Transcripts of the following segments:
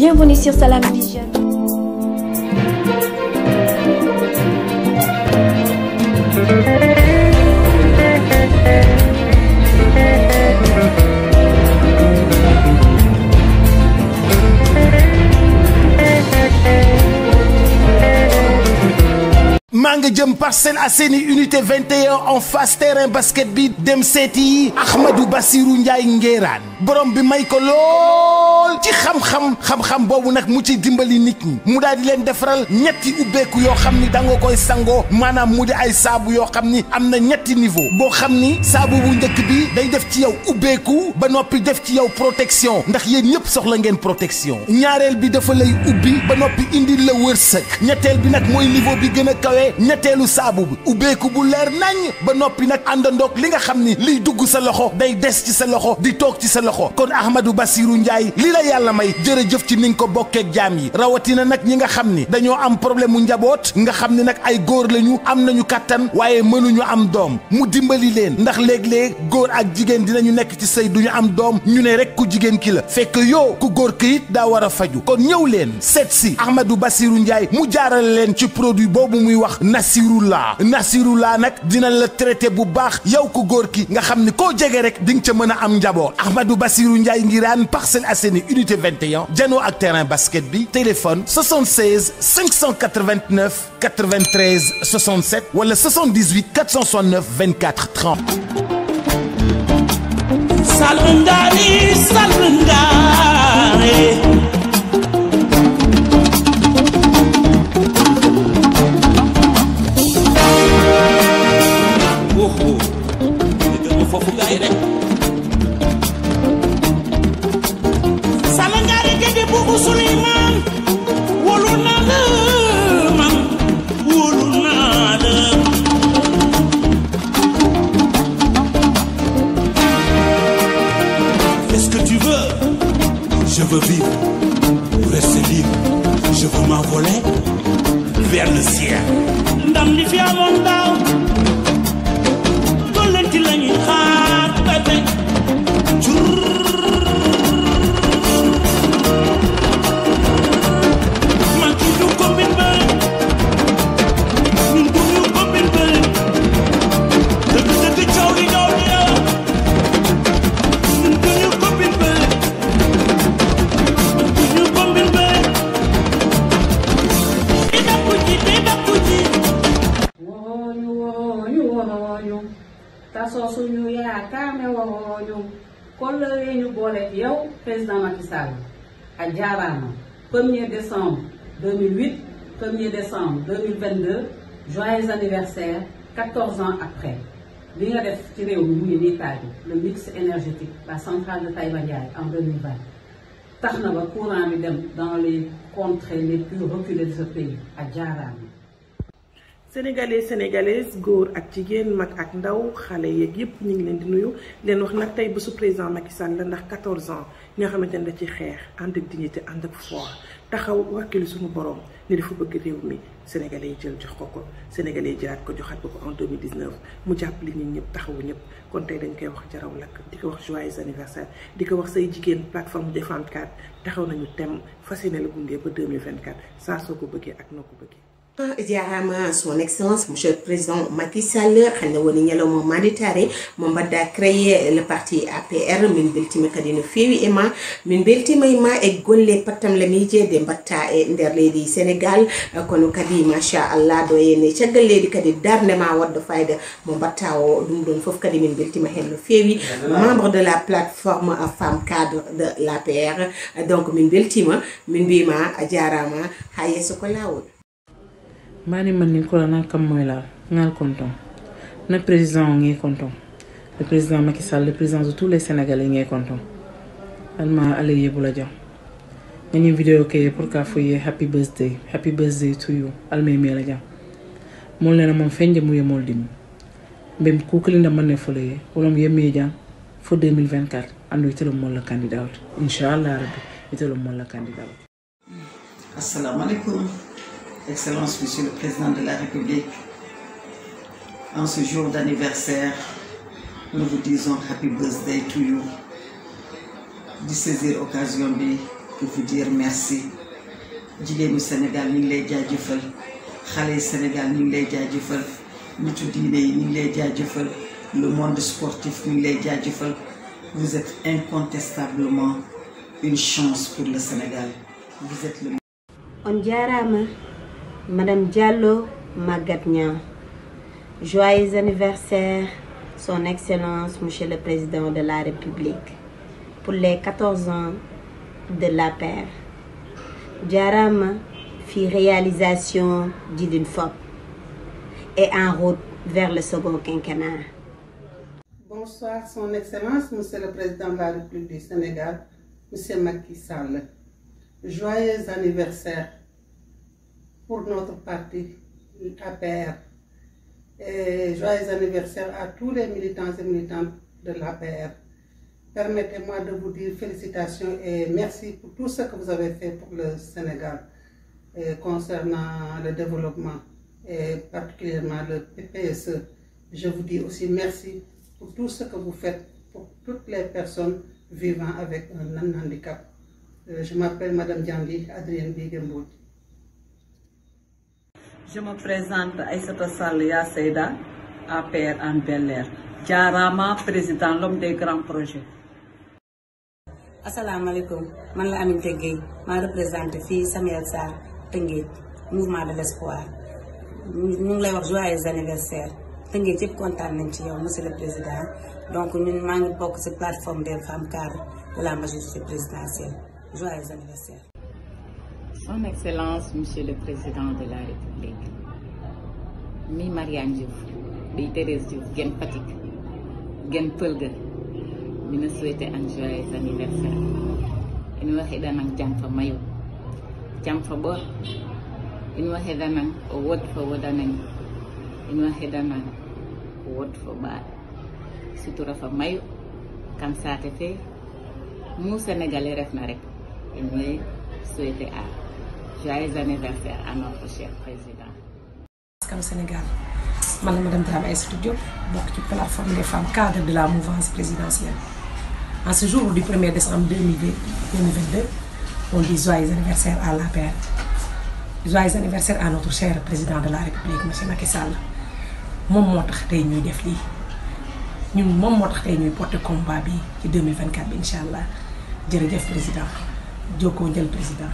Bienvenue sur Salam Vision. maa nga jëm Parcelles Assainies unité 21 en face terrain basket bi dem seeti Ahmadou Bassirou Ndiaye Ngérane borom bi may ko lool ci xam-xam xam-xam boobu nag mu ci dimbali nit ñi mu daal di leen defaral ñetti ubbeeku yoo xam ni da koy sangoo maanaam mu di ay saabu yoo xam ni am na ñetti niveau boo xam ni saabu bu njëkk bi day def ci yow ubbeeku ba noppi def ci yow protection ndax yéen ñëpp soxla ngeen protection ñaareel bi dafa lay ubbi ba noppi indi la wërsëg ñetteel bi nag mooy niveau bi gën a kawe ñetteelu saabu bi ubbeeku bu leer nañ ba noppi nag àndandoog li xam ni liy dugg sa loxo day des ci sa loxo di toog ci sa loxo kon Ahmadou Bassirou Ndiaye li la yàlla may jërëjëf ci ni nga ko bokkeek jaam yi rawatina nag ñi nga xam ni dañoo am problème mu njaboot nga xam ni nag ay góor lañu am nañu kàttan waaye mënuñu am doom mu dimbali leen ndax léeg-léeg góor ak jigéen dinañu nekk ci sëy duñu am doom ñu ne rek ku jigéen ki la fekk yow ku góor këyit daa war a faju kon ñëw leen seet si Ahmadou Bassirou Ndiaye mu jaarale leen ci produit boobu muy wax Nasirullah Nasirullah nag dina la traité bu baax yow góor ki nga xam ni koo jege rek di nga ca mën a am njaboot Bassirou Ndiaye Nguirane Parcelles Assainies unité 21 janoo ak terrain basket bi téléphone 76 589 93 67 wala 78 469 24 30. salundaari salundaare woo woo foofu gaay rek sunuy maam wóolu naa la maam wóolu naa la Qu'est-ce que tu veux? Je veux vivre, rester libre, je veux m'envoler vers le ciel. ndam li fi amoon daaw suñu yaakaar ne woo ñu kóllëre ñu boole yow président Macky Sall a jaaraama 1er décembre 2008 1er décembre 2022 joyeux anniversaire 14 ans après li nga def ci réew mi mu ngi nii taaju le mix énergétique la centrale de Taïba en tax na ba courant bi dem dans les contrées les plus reculées de ce pays a jaaraama sénégalais sénégalaises góor ak jigéen mag ak ndaw xale yeeg yépp ñu ngi leen di nuyu leen wax nag tey bésu président Macky Sall la ndax 14 ans nga xamante ne da ci xeex ànd ak dignité ànd ak foi taxaw wàkkilu suñu borom ne dafa bëgg réew mi sénégalais yi jël jox ko ko sénégalais yi jëlaat ko joxaat ko ko en 2019 mu jàppale ñun ñëpp taxawu ñëpp kon tey dañ koy wax jaraw lakk di ko wax joyeux anniversaire di ko wax say jigéen plateforme Défendre 4 taxaw nañu tem fas yéene la gunge ba 2024 saa soo ko bëggee ak noo ko jaarama son excellence monsieur le président Macky Sall hande woni ñalawma manditare mo mbadda créé le parti apr min beltima kadi no fewi e ma min beltima e ma e golle pattamle miije de mbatta e nder leydi sénégal kono kadi machallah ɗo ene caggal leydi kadi darde ma wadda fayida mo mbatta o ɗum ɗon foof kadi min beltima hen no fewi membre de la plateforme femme cadre de l'apr donc min beltima min mbima a jarama ha yesso ko lawol mbaɗi manni kolonal kammoylal ngal konton na président o ngi konton le président Macky Sall le président de tous les sénégalais ngi konton alma ala yebula jam ngañi vidéo ke pour ka fuye happy birthday happy birthday to you alma mela jam mol lena mon fenje mu yemol dim mbem kukalinda manne foloye wolom yemmi jam fo 2024 andu itelo molla candidat inchallah rabbi itelo molla candidat assalamu alaikum Excellence, Monsieur le Président de la République, en ce jour d'anniversaire, nous vous disons Happy Birthday to you. di occasion bi pour vous dire merci jigéenu Sénégal ñu ngi lay jaajëfal xale yi Sénégal ñu ngi lay jaajëfal nitu diine yi ñu lay jaajëfal le monde sportif ñu ngi lay jaajëfal vous êtes incontestablement une chance pour le Sénégal vous êtes le. on Madame Diallo Magatte Niang joyeux anniversaire son excellence monsieur le président de la république pour les 14 ans de l'APR jaarama fi réalisation d'Idune Fopp et en route vers le second quinquennat bonsoir président de la république du pour notre parti APR. E et joyeux anniversaire à tous les militants et militantes de l'APR. E Permettez-moi de vous dire félicitations et merci pour tout ce que vous avez fait pour le Sénégal et euh, concernant le développement et particulièrement le PPSE. Je vous dis aussi merci pour tout ce que vous faites pour toutes les personnes vivant avec un handicap. Euh, je m'appelle Madame Djandi Adrienne Bigembout. je me présente Aïssata Sall Ya Seyda APR en Bel Air jaaraama président l'homme des grands projets asalaamaaleykum man la Aminata Gueye maa représenté fii Samuel Sarr Tëngéej mouvement de l'espoir ñu ngi lay wax joyeux anniversaire Tëngéej yëpp kontaan nañ ci yow monsieur le président donc ñun maa ngi bokk ci plateforme des femmes cadres de la majorité présidentielle joyeux anniversaire Son Excellence, Monsieur le Président de la République, mi Marianne Diouf, bi Thérèse Diouf, gen Fatick, gen Pëlga, mi na souhaité un anniversaire. Ina waxee danang jam fa mayu, jam fa bor, ina waxee danang wod fa wodanang, ina waxee danang wod fa baal, sutura fa mayu, kam saate fe, mu Sénégalais ref na rek, ina souhaité à joyeux anniversaire à notre Sénégal man la madame Dramé Aïssatou Diop bokk ci plateforme des femmes cadres de la mouvance présidentielle en ce jour du 1er décembre 2022 on di joyeux anniversaire à l'APR joyeux anniversaire à notre cher président de la république monsieur Macky Sall moom moo tax tey ñuy def lii ñu moom moo tax tey ñuy porter compa bi ci 2024 bi incha allah jërëjëf président jokkoo njël président.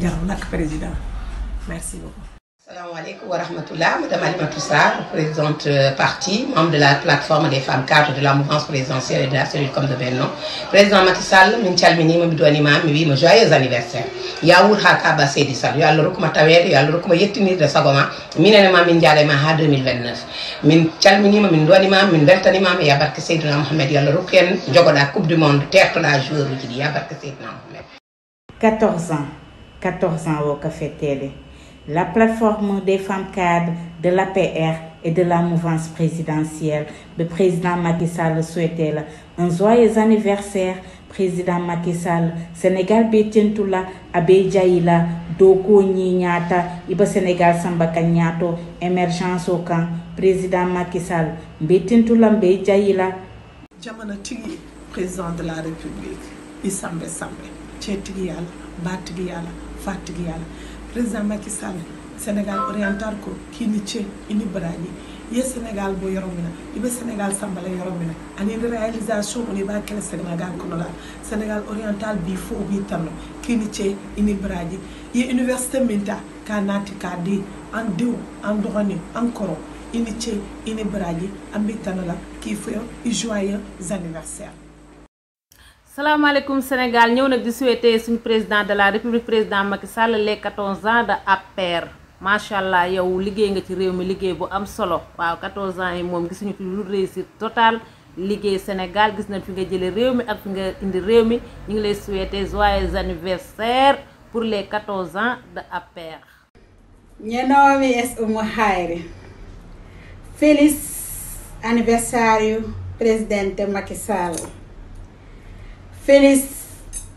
jarul nag président merci beaucoup. salaamaaleykum wa rahmatulah madame Alimatou euh, de la plateforme des femmes cadres de la mouvance présidentielle et de la cellule comme de Benno président Macky min calminima mi ɗonima mi wiima joyeux ma minenema min jaalema min calminima min min beltanimama e yabarke seydina mouhamed yo allah rokku en jogoɗa coupe du monde tertoɗa joueur uji ɗi yabarke seydina mouhamed 14 ans 14 ans au Café Télé. La plateforme des femmes cadres de l'APR et de la mouvance présidentielle, le président Macky Sall souhaitait un joyeux anniversaire président Macky Sall Sénégal be tentu la abe jayi la ñi ñaata iba Sénégal samba kan ñaato émergence au camp président Macky Sall mbe tentu la fàtte gi yàlla président Macky Sall Sénégal oriental ko kii ni ini baraji ye sénégal bo yoromina iɓe sénégal sambala yoromina anide réalisation oni ɓa kene sénégal konola sénégal oriental bi fo wi tanno kini ce ini baraji ye université minta ka naati ka di an diw an dogoni an koro ini ini baraji an mbi tanola kii foyo i joyeux anniversaire salaamaaleykum Sénégal ñëw nag di souhaiter suñu président de la république président Macky Sall les 14 ans de APR macha allah yow liggéey nga ci réew mi liggéey bu am solo waaw 14 ans yi moom gisuñu fi lu réussite totale liggéey Sénégal gis nañ fi nga jëlee réew mi ak fi nga indi réew mi ñu ngi lay souhaiter joyeux anniversaire pour les 14 ans de APR. Nyanomi es umuhairi. Feliz aniversario presidente Macky Sall. feliz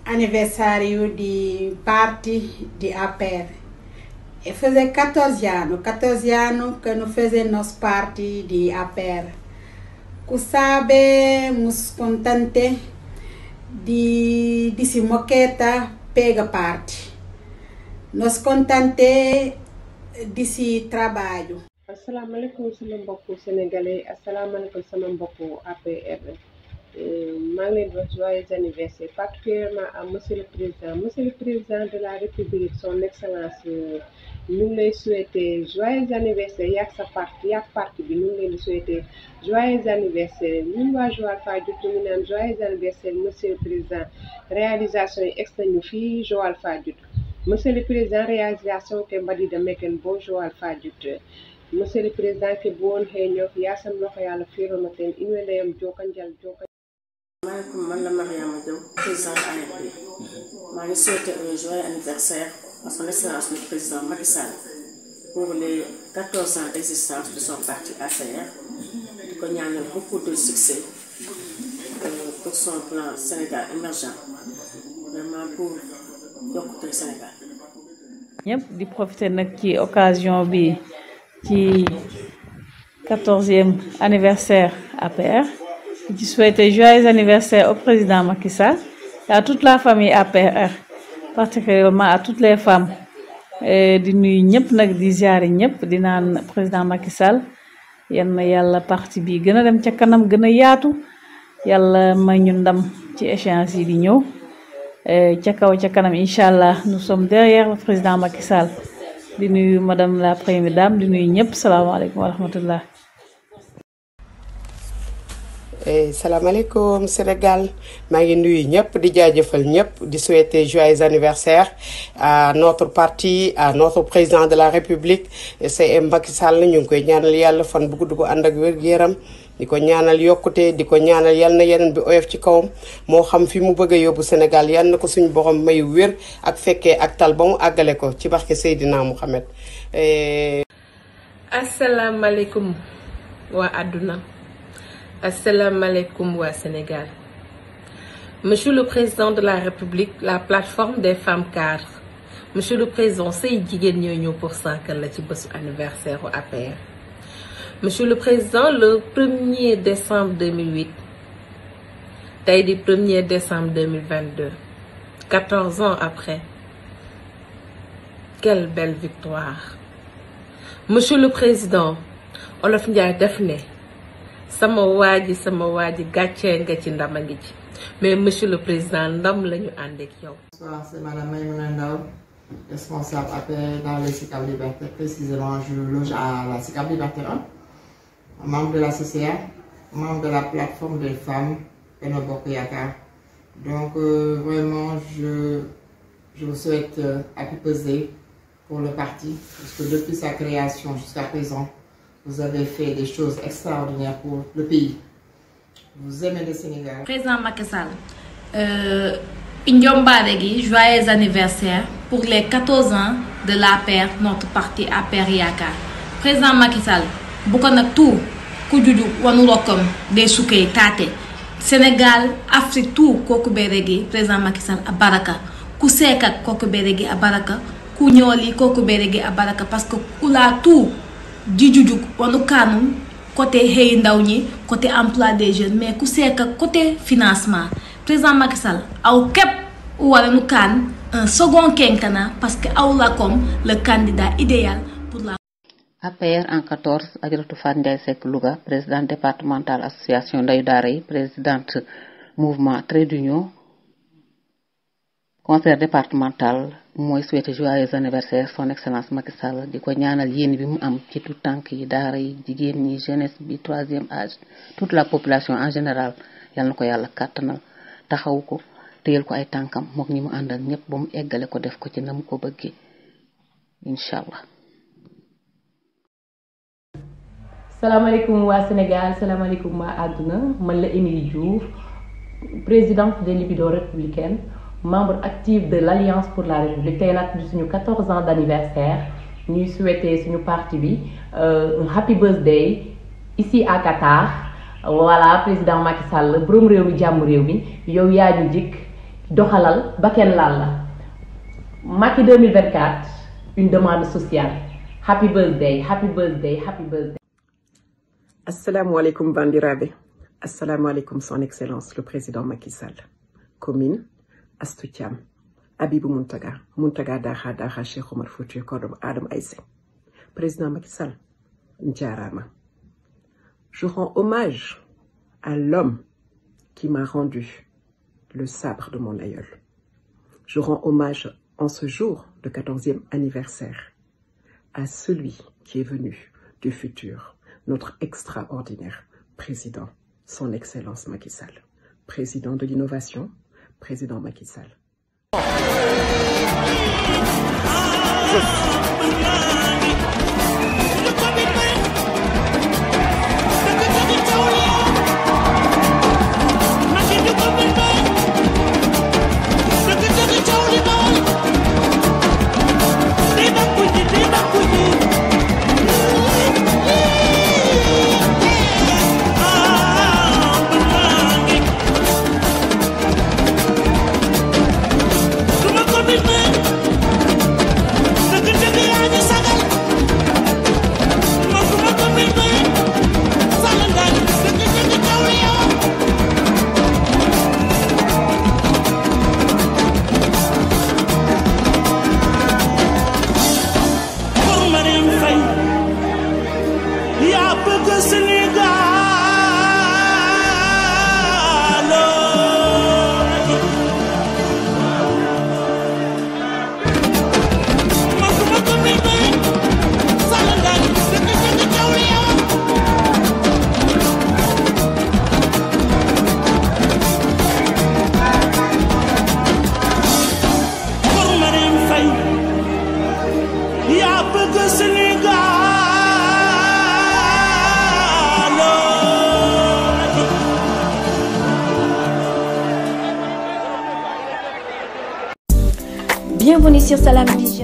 aniversario di parti di APR. E fazer 14 anos, 14 anos que não fazemos parte de APR. Que sabe, nos contente de, de se pega parte. Nos contente de se trabalho. asalaamaaleykum sama mbokku sénégalais asalaamaaleykum sama mbokku APR. Euh, maa ngi leen di wax joyeux anniversaire particulièrement à monsieur le président monsieur le président de la république son excellence euh, ñu ngi lay souhaiter joyeux anniversaire yaag sa parti yaag parti bi ñu ngi leen di souhaiter joyeux anniversaire ñun waa Joal Fadiouth ñu naan joyeux anniversaire monsieur président réalisation yi ex nañu fii Joal Fadiouth monsieur le président réalisation ke mbadida meken bo Joal Fadiouth monsieur le président ke buwon heñof yasan loxo yàlla fiirona ten in way ndeyam jokanjal jokan maaleykum man la Mariama Diaw présidente AFP maa ngi souhaité un joyeux anniversaire à son excellence le président Macky Sall pour les 14 de son parti APR di ko ñaanal beaucoup de succès euh, pour son plan Sénégal émergent vraiment pour yokkute Sénégal. ñëpp di profiter nag ci occasion bi ci 14e anniversaire APR. qui souhaiter joyeux anniversaire au président Macky Sall tout la famille APR particulièrement à toutes les femmes di nuyu ñëpp nag di ziare ñëpp di naan président Macky Sall yal na yàlla parti bi gën a dem ca kanam gën a yaatu yàlla may ñu ndam ci échéance yi di ñëw e ca kaw ca kanam incha allah nu sommes derrière le président Macky Sall di nuyu madame la première dame di nuyu ñëpp salaamaaleykum wa rahmatullah Eh, salaamaaleykum Sénégal maa ngi nuyu ñëpp di jaajëfal ñëpp di souhaiter joyeux anniversaire à notre parti à notre président de la République CM Macky Sall ñu ngi koy ñaanal yàlla fan bu gudd ko ànd ak wér-gu-yaram di ko ñaanal yokkute di ko ñaanal yal na yeneen bi oyof ci kawam moo xam fi mu bëgg yóbbu Sénégal yal na ko suñu borom mayu wér ak fekkee ak tal ba mu àggale ko ci barke Seydina Mouhamed. Eh. asalaamaaleykum waa àdduna. asalaamaaleykum waa Sénégal monsieur le président de la république la plateforme des femmes cadres monsieur le président say jigéen ñoo ñëw pour sànkal la ci bésu anniversaire u APR monsieur le président le 1er décembre 2008 tey di 1er décembre 2022 14 ans après quelle belle victoire monsieur le président Olof Ndiaye def ne sama waa ji sama waa ji gàccee nga ci ndam a ngi ci mais monsieur le président ndam la ñu ànd ak yow. bonsoir c'est madame Maïmouna Ndao responsable APR dans les Sicap Liberté précisément je loge à la Sicap Liberté 1 membre de la CCA membre de la plateforme des femmes Benno Bokk Yaakaar donc euh, vraiment je je souhaite euh, à tout pour le parti parce depuis sa création jusqu'à présent. Vous avez fait des choses extraordinaires pour le Président Macky Sall, euh, joyeux anniversaire pour les 14 ans de la paire, notre parti à yaakaar Président Macky Sall, beaucoup de tout, kujuju wanulokom des souké tate. Sénégal, Afrique, tout, koku beregi, président Macky Sall, à Baraka. Kouseka, koku beregi, à Baraka. Kounyoli, koku beregi, à Baraka. Parce que, oula tout, di jujug wanu kaanum côté xëy ndaw ñi côté emploi des jeunes mais ku seek côté financement président Macky aw képp wala kaan un second parce que aw la comme le candidat idéal pour la. APR en 14 Ajaratu Fatou Ndiaye Seck Louga présidente départementale association Ndeyu Daara yi présidente mouvement Trait d'Union conseil départemental. mooy souhaité joyeux anniversaire son excellence Macky Sall di ko ñaanal yéen bi mu am ci tout tànk yi daara yi jigéen ñi jeunesse bi troisième âge tout la population en général yal na ko yàlla kàttanal taxaw ko téyel ko ay tànkam mook ñi mu àndal ñëpp ba mu eggale ko def ko ci na mu ko bëggee incha allah. salaamaaleykum waa Sénégal salaamaaleykum waa àdduna man la Émilie Diouf présidente de Libido républicaine. membre active de l'Alliance pour la République tey nag suñu 14 ans d'anniversaire ñuy souhaiter suñu parti bi euh, un happy birthday ici à Qatar voilà président Macky Sall borom réew mi jàmm réew mi yow yaa ñu jikk doxalal ba kenn laal la Macky 2024 une demande sociale happy birthday happy birthday happy birthday. asalaamualeykum bandiraɓe asalaamualeykum son excellence le président Macky Astou Thiam Abibou Mountaga président Macky Sall je rends hommage à l'homme qui m'a rendu le sabre de mon aïeul je rends hommage en ce jour de quatorzième anniversaire à celui qui est venu du futur notre extraordinaire président son excellence Macky président de l'innovation président Macky Sall. Oh. bëgg Sénégal Bienvenue sur Salam Vision